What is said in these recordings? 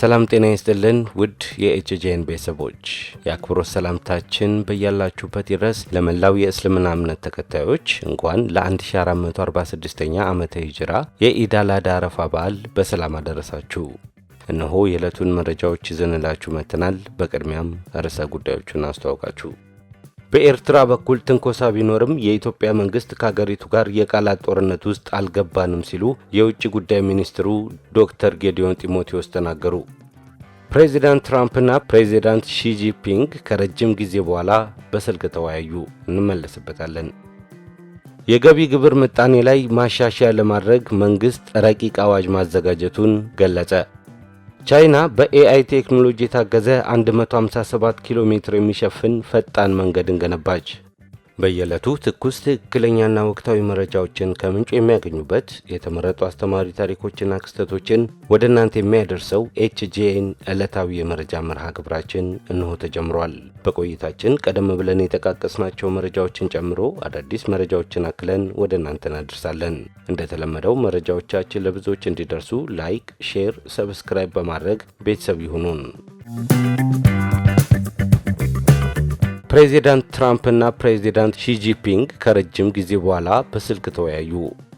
ሰላም ጤና ይስጥልን ውድ የኤችጄን ቤተሰቦች የአክብሮት ሰላምታችን በያላችሁበት ይድረስ። ለመላው የእስልምና እምነት ተከታዮች እንኳን ለ1446ኛ ዓመተ ሂጅራ የኢዳላዳ አረፋ በዓል በሰላም አደረሳችሁ። እነሆ የዕለቱን መረጃዎች ይዘንላችሁ መጥተናል። በቅድሚያም ርዕሰ ጉዳዮቹን አስተዋውቃችሁ በኤርትራ በኩል ትንኮሳ ቢኖርም የኢትዮጵያ መንግስት ከሀገሪቱ ጋር የቃላት ጦርነት ውስጥ አልገባንም ሲሉ የውጭ ጉዳይ ሚኒስትሩ ዶክተር ጌዲዮን ጢሞቴዎስ ተናገሩ። ፕሬዚዳንት ትራምፕና ፕሬዚዳንት ሺጂፒንግ ከረጅም ጊዜ በኋላ በስልክ ተወያዩ። እንመለስበታለን። የገቢ ግብር ምጣኔ ላይ ማሻሻያ ለማድረግ መንግስት ረቂቅ አዋጅ ማዘጋጀቱን ገለጸ። ቻይና በኤአይ ቴክኖሎጂ የታገዘ 157 ኪሎ ሜትር የሚሸፍን ፈጣን መንገድን ገነባች። በየዕለቱ ትኩስ ትክክለኛና ወቅታዊ መረጃዎችን ከምንጩ የሚያገኙበት የተመረጡ አስተማሪ ታሪኮችና ክስተቶችን ወደ እናንተ የሚያደርሰው ኤችጂኤን ዕለታዊ የመረጃ መርሃ ግብራችን እንሆ ተጀምሯል። በቆይታችን ቀደም ብለን የጠቃቀስናቸው መረጃዎችን ጨምሮ አዳዲስ መረጃዎችን አክለን ወደ እናንተ እናደርሳለን። እንደተለመደው መረጃዎቻችን ለብዙዎች እንዲደርሱ ላይክ፣ ሼር፣ ሰብስክራይብ በማድረግ ቤተሰብ ይሁኑን። ፕሬዚዳንት ትራምፕና ፕሬዚዳንት ሺጂፒንግ ከረጅም ጊዜ በኋላ በስልክ ተወያዩ።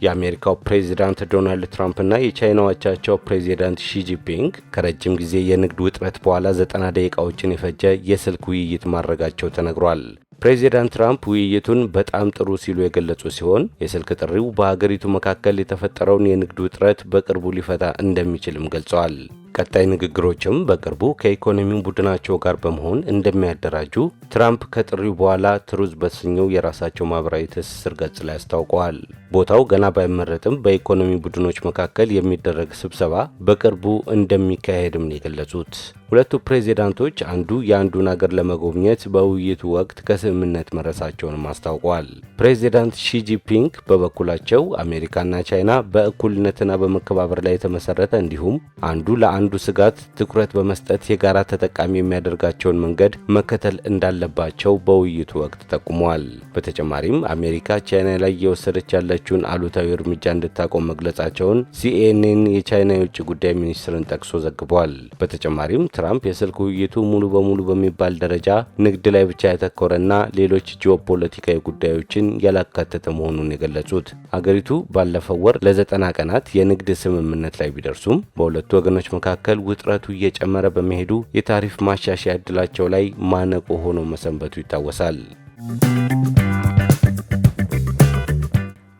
የአሜሪካው ፕሬዚዳንት ዶናልድ ትራምፕና ና አቻቸው ፕሬዚዳንት ሺጂፒንግ ከረጅም ጊዜ የንግድ ውጥረት በኋላ ዘጠና ደቂቃዎችን የፈጀ የስልክ ውይይት ማድረጋቸው ተነግሯል። ፕሬዚዳንት ትራምፕ ውይይቱን በጣም ጥሩ ሲሉ የገለጹ ሲሆን የስልክ ጥሪው በሀገሪቱ መካከል የተፈጠረውን የንግድ ውጥረት በቅርቡ ሊፈታ እንደሚችልም ገልጸዋል። ቀጣይ ንግግሮችም በቅርቡ ከኢኮኖሚው ቡድናቸው ጋር በመሆን እንደሚያደራጁ ትራምፕ ከጥሪው በኋላ ትሩዝ በተሰኘው የራሳቸው ማህበራዊ ትስስር ገጽ ላይ አስታውቀዋል። ቦታው ገና ባይመረጥም በኢኮኖሚ ቡድኖች መካከል የሚደረግ ስብሰባ በቅርቡ እንደሚካሄድም ነው የገለጹት። ሁለቱ ፕሬዚዳንቶች አንዱ የአንዱን አገር ለመጎብኘት በውይይቱ ወቅት ከስምምነት መረሳቸውንም አስታውቀዋል። ፕሬዚዳንት ሺጂፒንግ በበኩላቸው አሜሪካና ቻይና በእኩልነትና በመከባበር ላይ የተመሰረተ እንዲሁም አንዱ ለአ አንዱ ስጋት ትኩረት በመስጠት የጋራ ተጠቃሚ የሚያደርጋቸውን መንገድ መከተል እንዳለባቸው በውይይቱ ወቅት ጠቁመዋል። በተጨማሪም አሜሪካ ቻይና ላይ እየወሰደች ያለችውን አሉታዊ እርምጃ እንድታቆም መግለጻቸውን ሲኤንኤን የቻይና የውጭ ጉዳይ ሚኒስትርን ጠቅሶ ዘግቧል። በተጨማሪም ትራምፕ የስልክ ውይይቱ ሙሉ በሙሉ በሚባል ደረጃ ንግድ ላይ ብቻ ያተኮረና ሌሎች ጂኦፖለቲካዊ ጉዳዮችን ያላካተተ መሆኑን የገለጹት አገሪቱ ባለፈው ወር ለዘጠና ቀናት የንግድ ስምምነት ላይ ቢደርሱም በሁለቱ ወገኖች መካከል መካከል ውጥረቱ እየጨመረ በመሄዱ የታሪፍ ማሻሻያ እድላቸው ላይ ማነቆ ሆኖ መሰንበቱ ይታወሳል።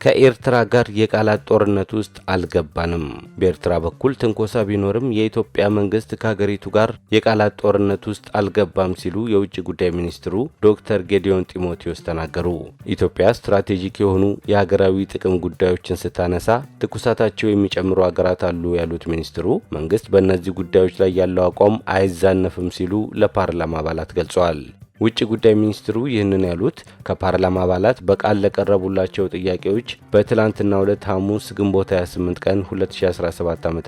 ከኤርትራ ጋር የቃላት ጦርነት ውስጥ አልገባንም። በኤርትራ በኩል ትንኮሳ ቢኖርም የኢትዮጵያ መንግስት ከሀገሪቱ ጋር የቃላት ጦርነት ውስጥ አልገባም ሲሉ የውጭ ጉዳይ ሚኒስትሩ ዶክተር ጌዲዮን ጢሞቴዎስ ተናገሩ። ኢትዮጵያ ስትራቴጂክ የሆኑ የሀገራዊ ጥቅም ጉዳዮችን ስታነሳ ትኩሳታቸው የሚጨምሩ ሀገራት አሉ ያሉት ሚኒስትሩ መንግስት በእነዚህ ጉዳዮች ላይ ያለው አቋም አይዛነፍም ሲሉ ለፓርላማ አባላት ገልጸዋል። ውጭ ጉዳይ ሚኒስትሩ ይህንን ያሉት ከፓርላማ አባላት በቃል ለቀረቡላቸው ጥያቄዎች በትላንትና ሁለት ሐሙስ ግንቦት 28 ቀን 2017 ዓ ም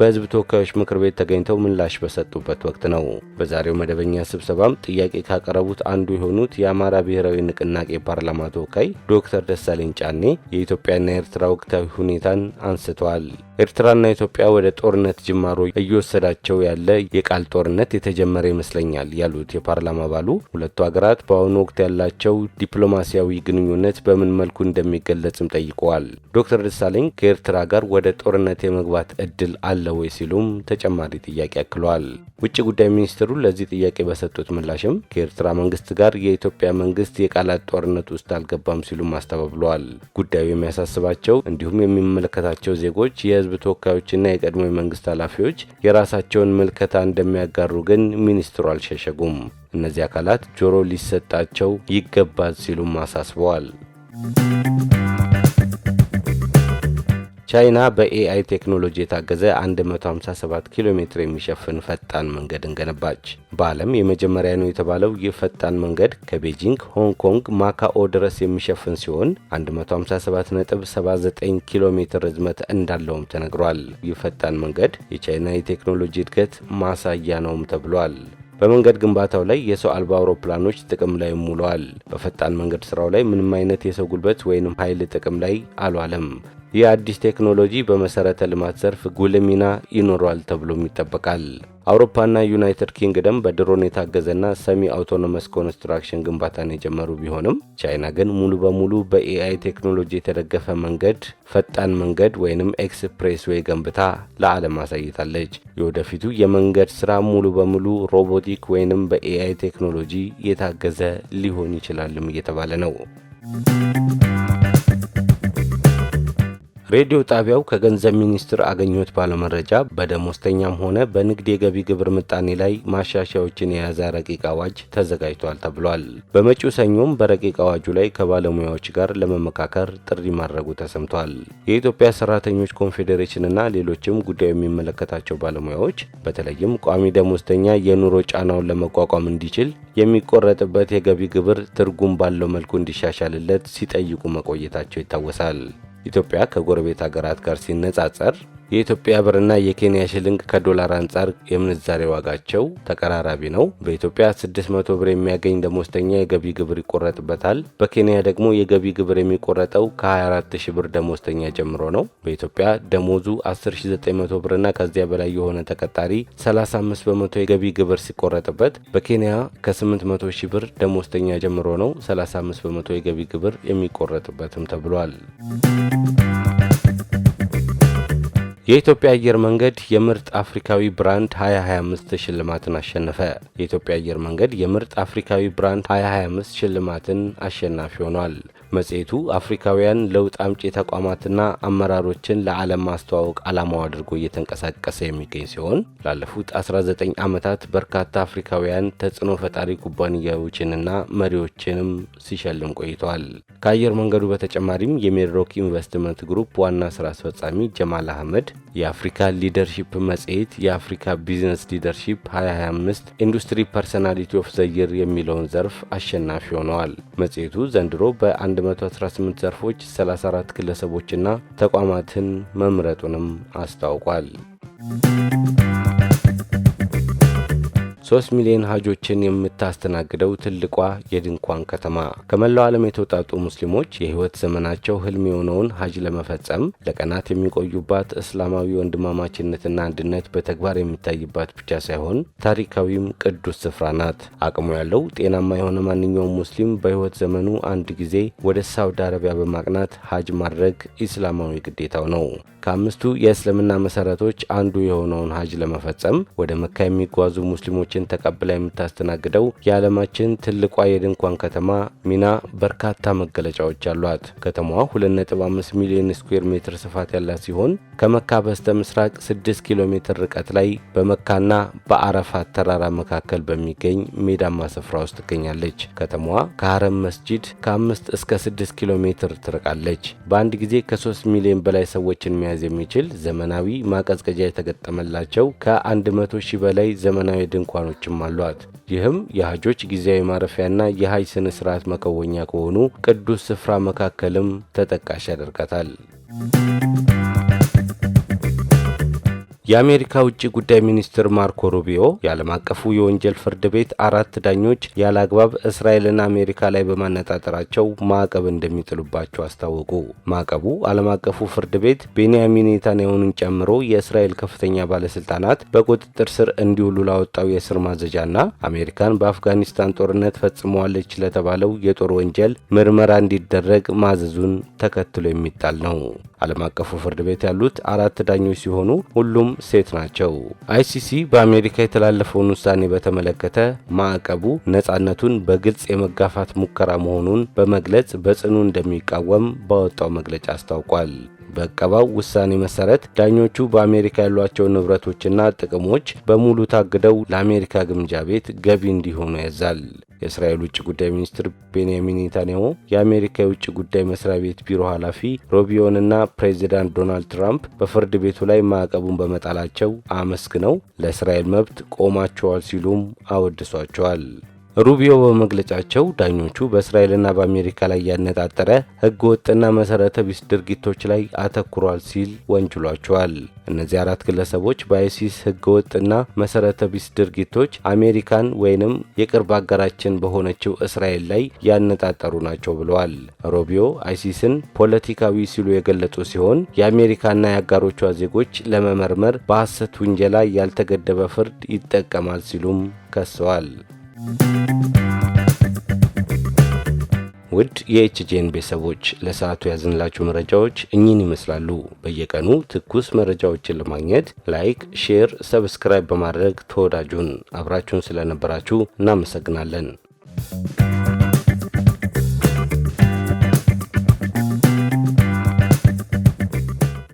በህዝብ ተወካዮች ምክር ቤት ተገኝተው ምላሽ በሰጡበት ወቅት ነው። በዛሬው መደበኛ ስብሰባም ጥያቄ ካቀረቡት አንዱ የሆኑት የአማራ ብሔራዊ ንቅናቄ ፓርላማ ተወካይ ዶክተር ደሳለኝ ጫኔ የኢትዮጵያና የኤርትራ ወቅታዊ ሁኔታን አንስተዋል። ኤርትራና ኢትዮጵያ ወደ ጦርነት ጅማሮ እየወሰዳቸው ያለ የቃል ጦርነት የተጀመረ ይመስለኛል ያሉት የፓርላማ አባሉ ሁለቱ ሀገራት በአሁኑ ወቅት ያላቸው ዲፕሎማሲያዊ ግንኙነት በምን መልኩ እንደሚገለጽም ጠይቀዋል። ዶክተር ደሳለኝ ከኤርትራ ጋር ወደ ጦርነት የመግባት እድል አለ ወይ ሲሉም ተጨማሪ ጥያቄ አክለዋል። ውጭ ጉዳይ ሚኒስትሩ ለዚህ ጥያቄ በሰጡት ምላሽም ከኤርትራ መንግስት ጋር የኢትዮጵያ መንግስት የቃላት ጦርነት ውስጥ አልገባም ሲሉም አስተባብለዋል። ጉዳዩ የሚያሳስባቸው እንዲሁም የሚመለከታቸው ዜጎች የ የህዝብ ተወካዮችና የቀድሞ የመንግስት ኃላፊዎች የራሳቸውን ምልከታ እንደሚያጋሩ ግን ሚኒስትሩ አልሸሸጉም። እነዚህ አካላት ጆሮ ሊሰጣቸው ይገባል ሲሉም አሳስበዋል። ቻይና በኤአይ ቴክኖሎጂ የታገዘ 157 ኪሎ ሜትር የሚሸፍን ፈጣን መንገድን ገነባች። በዓለም የመጀመሪያ ነው የተባለው ይህ ፈጣን መንገድ ከቤጂንግ ሆንግ ኮንግ ማካኦ ድረስ የሚሸፍን ሲሆን 157.79 ኪሎ ሜትር ርዝመት እንዳለውም ተነግሯል። ይህ ፈጣን መንገድ የቻይና የቴክኖሎጂ እድገት ማሳያ ነውም ተብሏል። በመንገድ ግንባታው ላይ የሰው አልባ አውሮፕላኖች ጥቅም ላይ ውለዋል። በፈጣን መንገድ ስራው ላይ ምንም አይነት የሰው ጉልበት ወይንም ኃይል ጥቅም ላይ አልዋለም። የአዲስ ቴክኖሎጂ በመሰረተ ልማት ዘርፍ ጉልህ ሚና ይኖረዋል ተብሎም ይጠበቃል። አውሮፓና ዩናይትድ ኪንግደም በድሮን የታገዘና ሰሚ አውቶኖመስ ኮንስትራክሽን ግንባታን የጀመሩ ቢሆንም ቻይና ግን ሙሉ በሙሉ በኤአይ ቴክኖሎጂ የተደገፈ መንገድ ፈጣን መንገድ ወይንም ኤክስፕሬስ ዌይ ገንብታ ለዓለም አሳይታለች። የወደፊቱ የመንገድ ስራ ሙሉ በሙሉ ሮቦቲክ ወይንም በኤአይ ቴክኖሎጂ የታገዘ ሊሆን ይችላልም እየተባለ ነው። ሬዲዮ ጣቢያው ከገንዘብ ሚኒስቴር አገኘሁት ባለው መረጃ በደሞዝተኛም ሆነ በንግድ የገቢ ግብር ምጣኔ ላይ ማሻሻያዎችን የያዘ ረቂቅ አዋጅ ተዘጋጅቷል ተብሏል። በመጪው ሰኞም በረቂቅ አዋጁ ላይ ከባለሙያዎች ጋር ለመመካከር ጥሪ ማድረጉ ተሰምቷል። የኢትዮጵያ ሰራተኞች ኮንፌዴሬሽንና ሌሎችም ጉዳዩ የሚመለከታቸው ባለሙያዎች በተለይም ቋሚ ደሞዝተኛ የኑሮ ጫናውን ለመቋቋም እንዲችል የሚቆረጥበት የገቢ ግብር ትርጉም ባለው መልኩ እንዲሻሻልለት ሲጠይቁ መቆየታቸው ይታወሳል። ኢትዮጵያ ከጎረቤት ሀገራት ጋር ሲነጻጸር የኢትዮጵያ ብርና የኬንያ ሽልንግ ከዶላር አንጻር የምንዛሬ ዋጋቸው ተቀራራቢ ነው። በኢትዮጵያ 600 ብር የሚያገኝ ደሞዝተኛ የገቢ ግብር ይቆረጥበታል። በኬንያ ደግሞ የገቢ ግብር የሚቆረጠው ከ24000 ብር ደሞዝተኛ ጀምሮ ነው። በኢትዮጵያ ደሞዙ 10900 ብርና ከዚያ በላይ የሆነ ተቀጣሪ 35 በመቶ የገቢ ግብር ሲቆረጥበት፣ በኬንያ ከ800000 ብር ደሞዝተኛ ጀምሮ ነው 35 በመቶ የገቢ ግብር የሚቆረጥበትም ተብሏል። የኢትዮጵያ አየር መንገድ የምርጥ አፍሪካዊ ብራንድ 2025 ሽልማትን አሸነፈ። የኢትዮጵያ አየር መንገድ የምርጥ አፍሪካዊ ብራንድ 2025 ሽልማትን አሸናፊ ሆኗል። መጽሔቱ አፍሪካውያን ለውጥ አምጪ ተቋማትና አመራሮችን ለዓለም ማስተዋወቅ ዓላማው አድርጎ እየተንቀሳቀሰ የሚገኝ ሲሆን ላለፉት 19 ዓመታት በርካታ አፍሪካውያን ተጽዕኖ ፈጣሪ ኩባንያዎችንና መሪዎችንም ሲሸልም ቆይተዋል። ከአየር መንገዱ በተጨማሪም የሜድሮክ ኢንቨስትመንት ግሩፕ ዋና ስራ አስፈጻሚ ጀማል አህመድ የአፍሪካ ሊደርሺፕ መጽሔት የአፍሪካ ቢዝነስ ሊደርሺፕ 2025 ኢንዱስትሪ ፐርሰናሊቲ ኦፍ ዘይር የሚለውን ዘርፍ አሸናፊ ሆነዋል። መጽሔቱ ዘንድሮ በ118 ዘርፎች 34 ግለሰቦችና ተቋማትን መምረጡንም አስታውቋል። ሶስት ሚሊዮን ሀጆችን የምታስተናግደው ትልቋ የድንኳን ከተማ ከመላው ዓለም የተውጣጡ ሙስሊሞች የህይወት ዘመናቸው ህልም የሆነውን ሀጅ ለመፈጸም ለቀናት የሚቆዩባት እስላማዊ ወንድማማችነትና አንድነት በተግባር የሚታይባት ብቻ ሳይሆን ታሪካዊም ቅዱስ ስፍራ ናት። አቅሙ ያለው ጤናማ የሆነ ማንኛውም ሙስሊም በህይወት ዘመኑ አንድ ጊዜ ወደ ሳውዲ አረቢያ በማቅናት ሀጅ ማድረግ ኢስላማዊ ግዴታው ነው። ከአምስቱ የእስልምና መሰረቶች አንዱ የሆነውን ሀጅ ለመፈጸም ወደ መካ የሚጓዙ ሙስሊሞችን ተቀብላ የምታስተናግደው የዓለማችን ትልቋ የድንኳን ከተማ ሚና በርካታ መገለጫዎች አሏት። ከተማዋ 2.5 ሚሊዮን ስኩዌር ሜትር ስፋት ያላት ሲሆን ከመካ በስተ ምስራቅ 6 ኪሎ ሜትር ርቀት ላይ በመካና በአረፋት ተራራ መካከል በሚገኝ ሜዳማ ስፍራ ውስጥ ትገኛለች። ከተማዋ ከሀረም መስጂድ ከ5 እስከ 6 ኪሎ ሜትር ትርቃለች። በአንድ ጊዜ ከ3 ሚሊዮን በላይ ሰዎችን የሚያ መያዝ የሚችል ዘመናዊ ማቀዝቀዣ የተገጠመላቸው ከ100 ሺህ በላይ ዘመናዊ ድንኳኖችም አሏት። ይህም የሀጆች ጊዜያዊ ማረፊያና የሀጅ ስነ ስርዓት መከወኛ ከሆኑ ቅዱስ ስፍራ መካከልም ተጠቃሽ ያደርጋታል። የአሜሪካ ውጭ ጉዳይ ሚኒስትር ማርኮ ሩቢዮ የዓለም አቀፉ የወንጀል ፍርድ ቤት አራት ዳኞች ያለ አግባብ እስራኤልና አሜሪካ ላይ በማነጣጠራቸው ማዕቀብ እንደሚጥሉባቸው አስታወቁ። ማዕቀቡ ዓለም አቀፉ ፍርድ ቤት ቤንያሚን ኔታንያሁንን ጨምሮ የእስራኤል ከፍተኛ ባለስልጣናት በቁጥጥር ስር እንዲውሉ ላወጣው የእስር ማዘዣና አሜሪካን በአፍጋኒስታን ጦርነት ፈጽመዋለች ለተባለው የጦር ወንጀል ምርመራ እንዲደረግ ማዘዙን ተከትሎ የሚጣል ነው። ዓለም አቀፉ ፍርድ ቤት ያሉት አራት ዳኞች ሲሆኑ ሁሉም ሴት ናቸው። አይሲሲ በአሜሪካ የተላለፈውን ውሳኔ በተመለከተ ማዕቀቡ ነፃነቱን በግልጽ የመጋፋት ሙከራ መሆኑን በመግለጽ በጽኑ እንደሚቃወም ባወጣው መግለጫ አስታውቋል። በቀባው ውሳኔ መሰረት ዳኞቹ በአሜሪካ ያሏቸው ንብረቶችና ጥቅሞች በሙሉ ታግደው ለአሜሪካ ግምጃ ቤት ገቢ እንዲሆኑ ያዛል። የእስራኤል ውጭ ጉዳይ ሚኒስትር ቤንያሚን ኔታንያሁ የአሜሪካ የውጭ ጉዳይ መስሪያ ቤት ቢሮ ኃላፊ ሮቢዮንና ፕሬዚዳንት ዶናልድ ትራምፕ በፍርድ ቤቱ ላይ ማዕቀቡን በመጣላቸው አመስግነው ለእስራኤል መብት ቆማቸዋል ሲሉም አወድሷቸዋል። ሩቢዮ በመግለጫቸው ዳኞቹ በእስራኤልና በአሜሪካ ላይ ያነጣጠረ ህገወጥና መሰረተ ቢስ ድርጊቶች ላይ አተኩሯል ሲል ወንጅሏቸዋል። እነዚህ አራት ግለሰቦች በአይሲስ ህገወጥና መሰረተ ቢስ ድርጊቶች አሜሪካን ወይንም የቅርብ አገራችን በሆነችው እስራኤል ላይ ያነጣጠሩ ናቸው ብለዋል። ሮቢዮ አይሲስን ፖለቲካዊ ሲሉ የገለጹ ሲሆን የአሜሪካና የአጋሮቿ ዜጎች ለመመርመር በሐሰት ውንጀላ ያልተገደበ ፍርድ ይጠቀማል ሲሉም ከሰዋል። ውድ የኤችጄን ቤተሰቦች ለሰዓቱ ያዝንላችሁ መረጃዎች እኚህን ይመስላሉ። በየቀኑ ትኩስ መረጃዎችን ለማግኘት ላይክ፣ ሼር፣ ሰብስክራይብ በማድረግ ተወዳጁን አብራችሁን ስለነበራችሁ እናመሰግናለን።